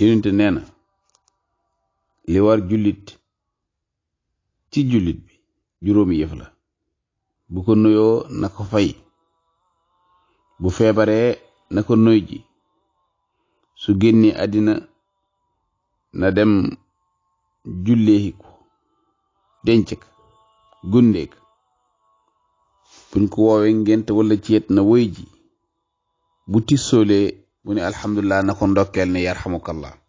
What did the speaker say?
yonente neena li war jullit ci jullit bi juróomi yëf la bu ko nuyoo na ko fay bu feebaree na ko nuy ji su génni àddina na dem julleehi ko denc ka gundee ka buñ ko woowee ngent wala ciyet na woy ji bu tisoolee موني الحمد لله نكون دوكل ني يرحمك الله